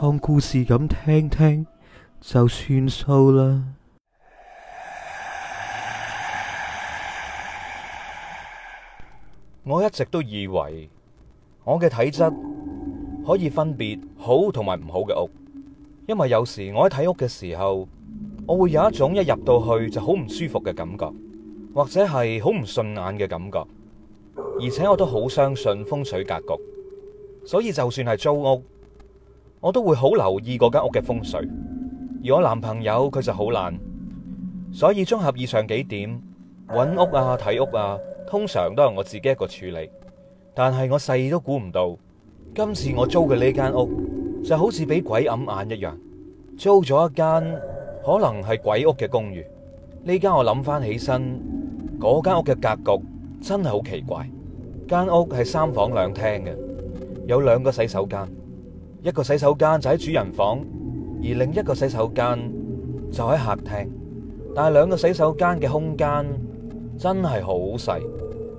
當故事咁聽聽就算數啦。我一直都以為我嘅體質可以分別好同埋唔好嘅屋，因為有時我喺睇屋嘅時候，我會有一種一入到去就好唔舒服嘅感覺，或者係好唔順眼嘅感覺。而且我都好相信風水格局，所以就算係租屋。我都會好留意嗰間屋嘅風水，而我男朋友佢就好懶，所以綜合以上幾點，揾屋啊、睇屋啊，通常都係我自己一個處理。但係我細都估唔到，今次我租嘅呢間屋就好似俾鬼揞眼一樣，租咗一間可能係鬼屋嘅公寓。呢間我諗翻起身，嗰間屋嘅格局真係好奇怪，間屋係三房兩廳嘅，有兩個洗手間。一個洗手間就喺主人房，而另一個洗手間就喺客廳。但係兩個洗手間嘅空間真係好細，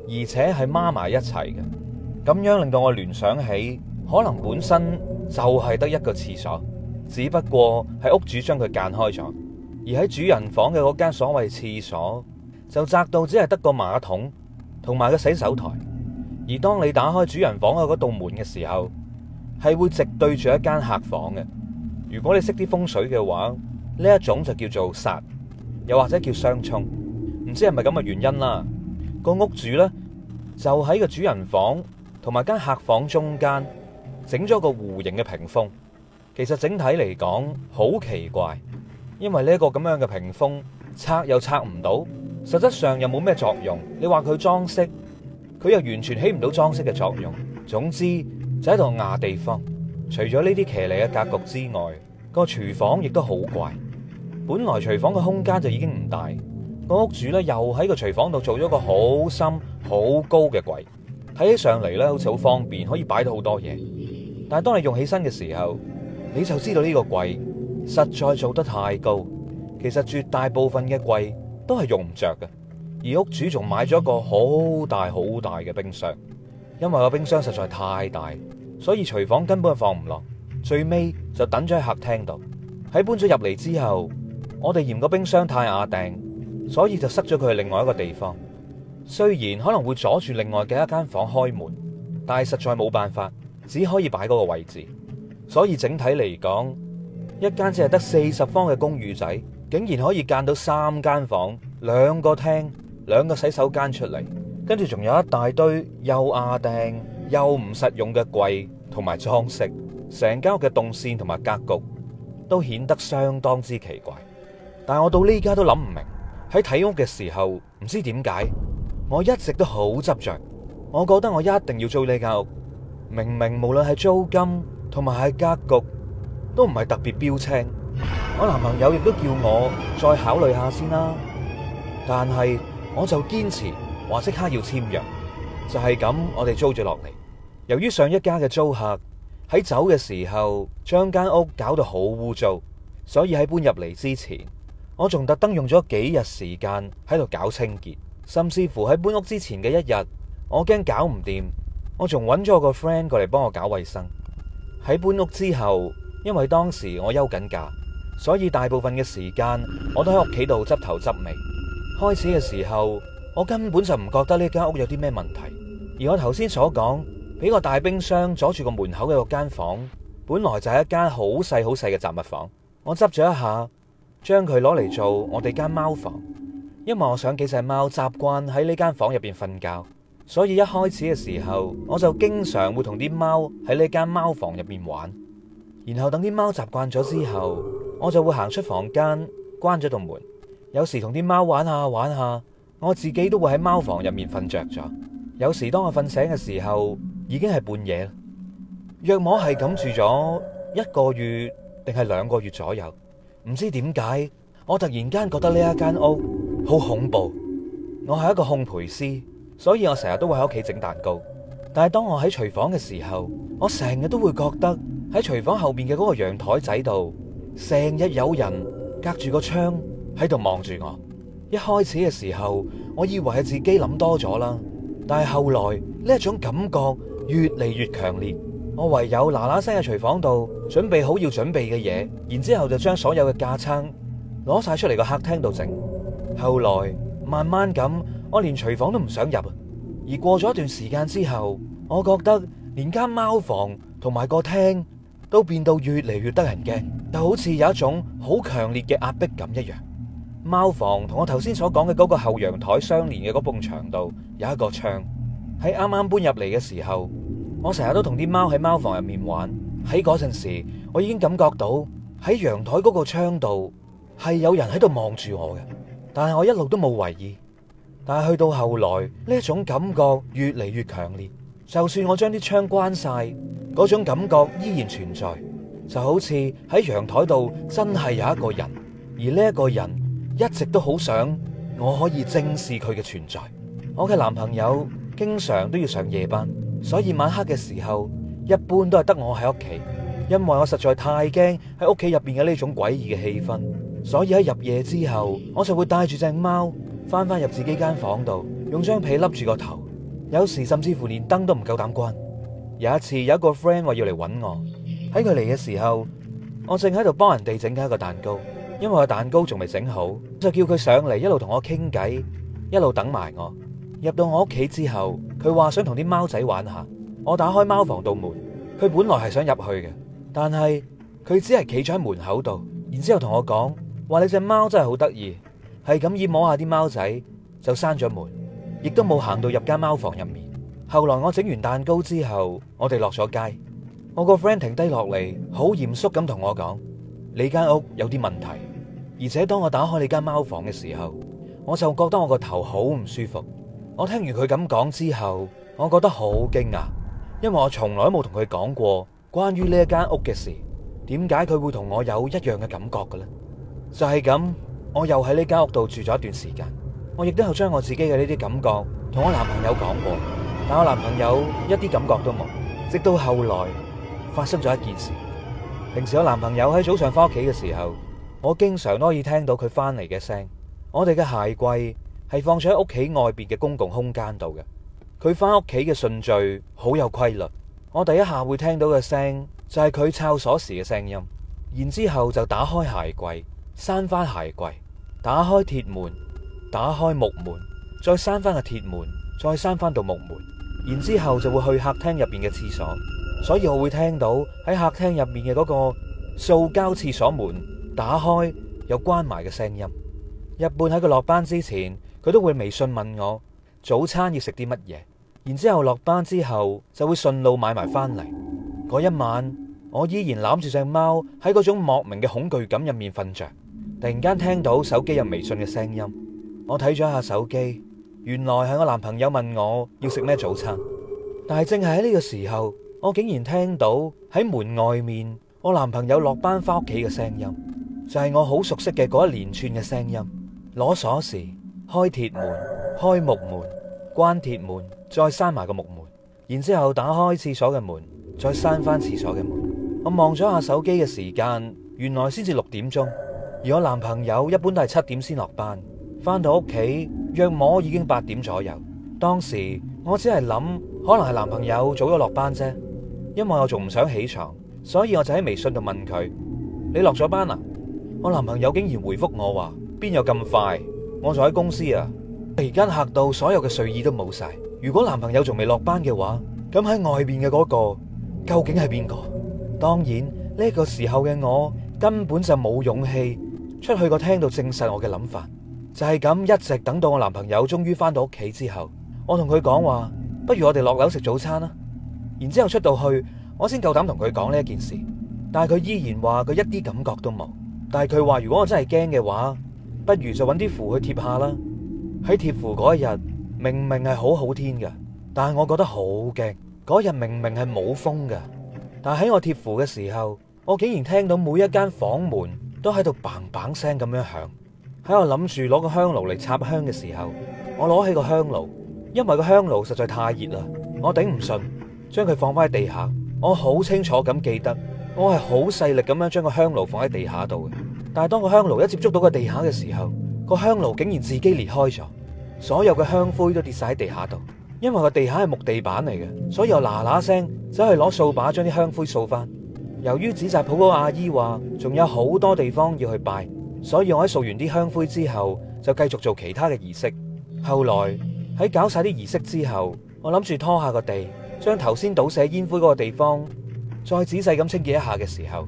而且係孖埋一齊嘅。咁樣令到我聯想起，可能本身就係得一個廁所，只不過係屋主將佢間開咗。而喺主人房嘅嗰間所謂廁所，就窄到只係得個馬桶同埋個洗手台。而當你打開主人房嘅嗰道門嘅時候，係會直對住一間客房嘅。如果你識啲風水嘅話，呢一種就叫做煞，又或者叫相沖，唔知係咪咁嘅原因啦。個屋主呢，就喺個主人房同埋間客房中間整咗個弧形嘅屏風。其實整體嚟講好奇怪，因為呢一個咁樣嘅屏風拆又拆唔到，實質上又冇咩作用。你話佢裝飾，佢又完全起唔到裝飾嘅作用。總之。就喺度壓地方，除咗呢啲騎呢嘅格局之外，個廚房亦都好怪。本來廚房嘅空間就已經唔大，個屋主咧又喺個廚房度做咗個好深、好高嘅櫃，睇起上嚟咧好似好方便，可以擺到好多嘢。但係當你用起身嘅時候，你就知道呢個櫃實在做得太高。其實絕大部分嘅櫃都係用唔着嘅，而屋主仲買咗一個好大、好大嘅冰箱。因為個冰箱實在太大，所以廚房根本放唔落，最尾就等咗喺客廳度。喺搬咗入嚟之後，我哋嫌個冰箱太亞定，所以就塞咗佢去另外一個地方。雖然可能會阻住另外嘅一間房開門，但係實在冇辦法，只可以擺嗰個位置。所以整體嚟講，一間只係得四十方嘅公寓仔，竟然可以間到三間房、兩個廳、兩個洗手間出嚟。跟住仲有一大堆又壓頂又唔實用嘅櫃同埋裝飾，成間屋嘅動線同埋格局都顯得相當之奇怪。但係我到呢家都諗唔明，喺睇屋嘅時候唔知點解，我一直都好執着，我覺得我一定要租呢間屋。明明無論係租金同埋係格局都唔係特別標青，我男朋友亦都叫我再考慮下先啦。但係我就堅持。話即刻要簽約，就係咁，我哋租咗落嚟。由於上一家嘅租客喺走嘅時候將間屋搞到好污糟，所以喺搬入嚟之前，我仲特登用咗幾日時間喺度搞清潔。甚至乎喺搬屋之前嘅一日，我驚搞唔掂，我仲揾咗個 friend 過嚟幫我搞衛生。喺搬屋之後，因為當時我休緊假，所以大部分嘅時間我都喺屋企度執頭執尾。開始嘅時候。我根本就唔覺得呢間屋有啲咩問題，而我頭先所講俾個大冰箱阻住個門口嘅嗰間房，本來就係一間好細好細嘅雜物房。我執咗一下，將佢攞嚟做我哋間貓房，因為我想幾隻貓習慣喺呢間房入邊瞓覺，所以一開始嘅時候我就經常會同啲貓喺呢間貓房入邊玩。然後等啲貓習慣咗之後，我就會行出房間關咗度門，有時同啲貓玩下玩下。玩我自己都會喺貓房入面瞓着咗，有時當我瞓醒嘅時候，已經係半夜啦。若我係咁住咗一個月定係兩個月左右，唔知點解，我突然間覺得呢一間屋好恐怖。我係一個烘焙師，所以我成日都會喺屋企整蛋糕。但係當我喺廚房嘅時候，我成日都會覺得喺廚房後面嘅嗰個陽台仔度，成日有人隔住個窗喺度望住我。一開始嘅時候，我以為係自己諗多咗啦。但係後來呢一種感覺越嚟越強烈，我唯有嗱嗱聲喺廚房度準備好要準備嘅嘢，然之後就將所有嘅架撐攞晒出嚟個客廳度整。後來慢慢咁，我連廚房都唔想入。而過咗一段時間之後，我覺得連間貓房同埋個廳都變到越嚟越得人驚，就好似有一種好強烈嘅壓迫感一樣。貓房同我頭先所講嘅嗰個後陽台相連嘅嗰埲牆度有一個窗。喺啱啱搬入嚟嘅時候，我成日都同啲貓喺貓房入面玩。喺嗰陣時，我已經感覺到喺陽台嗰個窗度係有人喺度望住我嘅。但係我一路都冇懷疑。但係去到後來，呢一種感覺越嚟越強烈。就算我將啲窗關晒，嗰種感覺依然存在，就好似喺陽台度真係有一個人。而呢一個人，一直都好想我可以正視佢嘅存在。我嘅男朋友經常都要上夜班，所以晚黑嘅時候一般都係得我喺屋企。因為我實在太驚喺屋企入邊嘅呢種詭異嘅氣氛，所以喺入夜之後，我就會帶住隻貓翻返入自己間房度，用張被笠住個頭。有時甚至乎連燈都唔夠膽關。有一次有一個 friend 話要嚟搵我，喺佢嚟嘅時候，我正喺度幫人哋整緊一個蛋糕。因為個蛋糕仲未整好，就叫佢上嚟一路同我傾偈，一路等埋我。入到我屋企之後，佢話想同啲貓仔玩下。我打開貓房度門，佢本來係想入去嘅，但係佢只係企咗喺門口度，然之後同我講話：你隻貓真係好得意，係咁以摸,摸下啲貓仔，就閂咗門，亦都冇行到入間貓房入面。後來我整完蛋糕之後，我哋落咗街，我個 friend 停低落嚟，好嚴肅咁同我講：你間屋有啲問題。而且當我打開你間貓房嘅時候，我就覺得我個頭好唔舒服。我聽完佢咁講之後，我覺得好驚訝，因為我從來冇同佢講過關於呢一間屋嘅事。點解佢會同我有一樣嘅感覺嘅咧？就係咁，我又喺呢間屋度住咗一段時間。我亦都有將我自己嘅呢啲感覺同我男朋友講過，但我男朋友一啲感覺都冇。直到後來發生咗一件事，平時我男朋友喺早上翻屋企嘅時候。我經常都可以聽到佢返嚟嘅聲。我哋嘅鞋櫃係放咗喺屋企外邊嘅公共空間度嘅。佢返屋企嘅順序好有規律。我第一下會聽到嘅聲就係佢摷鎖匙嘅聲音，然之後就打開鞋櫃，閂翻鞋,鞋櫃，打開鐵門，打開木門，再閂翻個鐵門，再閂翻度木門，然之後就會去客廳入邊嘅廁所，所以我會聽到喺客廳入面嘅嗰個塑膠廁所門。打開有關埋嘅聲音。日半喺佢落班之前，佢都會微信問我早餐要食啲乜嘢，然之後落班之後就會順路買埋翻嚟。嗰一晚我依然攬住隻貓喺嗰種莫名嘅恐懼感入面瞓着，突然間聽到手機有微信嘅聲音，我睇咗一下手機，原來係我男朋友問我要食咩早餐。但係正係喺呢個時候，我竟然聽到喺門外面我男朋友落班翻屋企嘅聲音。就係我好熟悉嘅嗰一連串嘅聲音，攞鎖匙開鐵門、開木門、關鐵門，再閂埋個木門，然之後打開廁所嘅門，再閂翻廁所嘅門。我望咗下手機嘅時間，原來先至六點鐘，而我男朋友一般都係七點先落班，翻到屋企約摸已經八點左右。當時我只係諗，可能係男朋友早咗落班啫，因為我仲唔想起床，所以我就喺微信度問佢：你落咗班啦？我男朋友竟然回覆我話，邊有咁快？我仲喺公司啊。而家嚇到，所有嘅睡意都冇晒。如果男朋友仲未落班嘅話，咁喺外面嘅嗰個究竟係邊個？當然呢個時候嘅我根本就冇勇氣出去個廳度證實我嘅諗法，就係咁一直等到我男朋友終於翻到屋企之後，我同佢講話，不如我哋落樓食早餐啦。然之後出到去，我先夠膽同佢講呢一件事，但係佢依然話佢一啲感覺都冇。但係佢話如果我真係驚嘅話，不如就揾啲符去貼下啦。喺貼符嗰一日，明明係好好天嘅，但係我覺得好驚。嗰日明明係冇風嘅，但係喺我貼符嘅時候，我竟然聽到每一間房門都喺度砰砰聲咁樣響。喺我諗住攞個香爐嚟插香嘅時候，我攞起個香爐，因為個香爐實在太熱啦，我頂唔順，將佢放翻喺地下。我好清楚咁記得。我係好細力咁樣將個香爐放喺地下度，但係當個香爐一接觸到個地下嘅時候，個香爐竟然自己裂開咗，所有嘅香灰都跌晒喺地下度。因為個地下係木地板嚟嘅，所以我嗱嗱聲走去攞掃把將啲香灰掃翻。由於紙紮舖嗰個阿姨話仲有好多地方要去拜，所以我喺掃完啲香灰之後就繼續做其他嘅儀式。後來喺搞晒啲儀式之後，我諗住拖下個地，將頭先倒瀉煙灰嗰個地方。再仔細咁清潔一下嘅時候，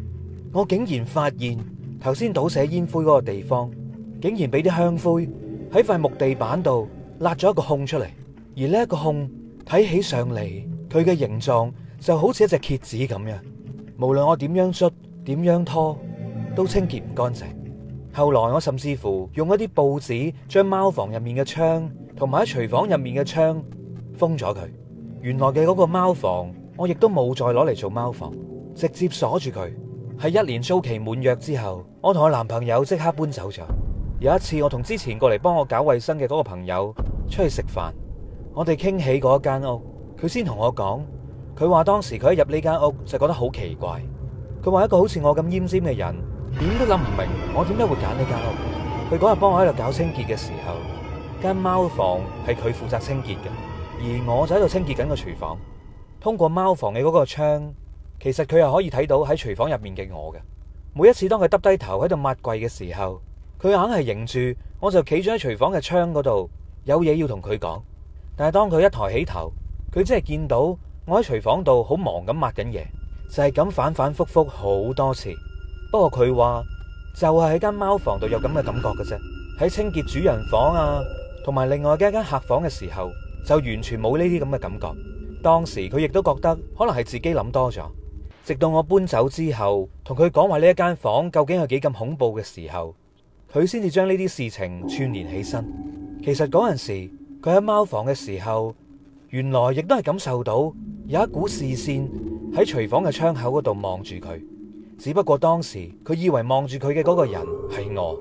我竟然發現頭先倒瀉煙灰嗰個地方，竟然俾啲香灰喺塊木地板度勒咗一個空出嚟。而呢一個空睇起上嚟，佢嘅形狀就好似一隻蠍子咁樣。無論我點樣捽，點樣拖，都清潔唔乾淨。後來我甚至乎用一啲報紙將貓房入面嘅窗同埋喺廚房入面嘅窗封咗佢。原來嘅嗰個貓房。我亦都冇再攞嚟做貓房，直接鎖住佢。喺一年租期滿約之後，我同我男朋友即刻搬走咗。有一次，我同之前過嚟幫我搞衛生嘅嗰個朋友出去食飯，我哋傾起嗰間屋，佢先同我講，佢話當時佢一入呢間屋就覺得好奇怪。佢話一個好似我咁奄尖嘅人，點都諗唔明我點解會揀呢間屋。佢嗰日幫我喺度搞清潔嘅時候，間貓房係佢負責清潔嘅，而我就喺度清潔緊個廚房。通過貓房嘅嗰個窗，其實佢係可以睇到喺廚房入面嘅我嘅。每一次當佢耷低頭喺度抹櫃嘅時候，佢硬係認住我就企咗喺廚房嘅窗嗰度，有嘢要同佢講。但係當佢一抬起頭，佢真係見到我喺廚房度好忙咁抹緊嘢，就係咁反反复覆好多次。不過佢話就係喺間貓房度有咁嘅感覺嘅啫。喺清潔主人房啊，同埋另外嘅一間客房嘅時候，就完全冇呢啲咁嘅感覺。當時佢亦都覺得可能係自己諗多咗。直到我搬走之後，同佢講話呢一間房究竟有幾咁恐怖嘅時候，佢先至將呢啲事情串聯起身。其實嗰陣時佢喺貓房嘅時候，原來亦都係感受到有一股視線喺廚房嘅窗口嗰度望住佢。只不過當時佢以為望住佢嘅嗰個人係我。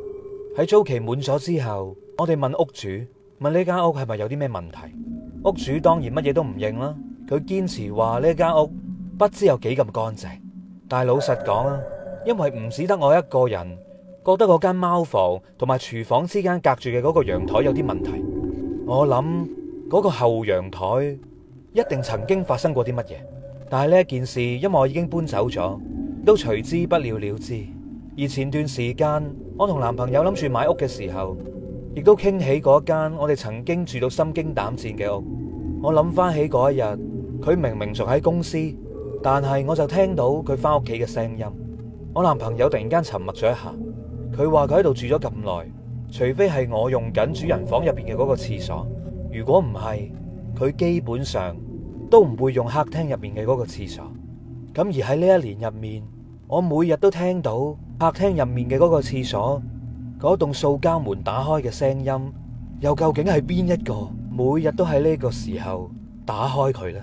喺租期滿咗之後，我哋問屋主問呢間屋係咪有啲咩問題，屋主當然乜嘢都唔認啦。佢堅持話呢間屋不知有幾咁乾淨，但係老實講啊，因為唔止得我一個人覺得嗰間貓房同埋廚房之間隔住嘅嗰個陽台有啲問題，我諗嗰個後陽台一定曾經發生過啲乜嘢。但係呢件事，因為我已經搬走咗，都隨之不了了之。而前段時間我同男朋友諗住買屋嘅時候，亦都傾起嗰間我哋曾經住到心驚膽戰嘅屋，我諗翻起嗰一日。佢明明仲喺公司，但係我就聽到佢翻屋企嘅聲音。我男朋友突然間沉默咗一下，佢話佢喺度住咗咁耐，除非係我用緊主人房入邊嘅嗰個廁所，如果唔係，佢基本上都唔會用客廳入面嘅嗰個廁所。咁而喺呢一年入面，我每日都聽到客廳入面嘅嗰個廁所嗰棟塑膠門打開嘅聲音，又究竟係邊一個每日都喺呢個時候打開佢咧？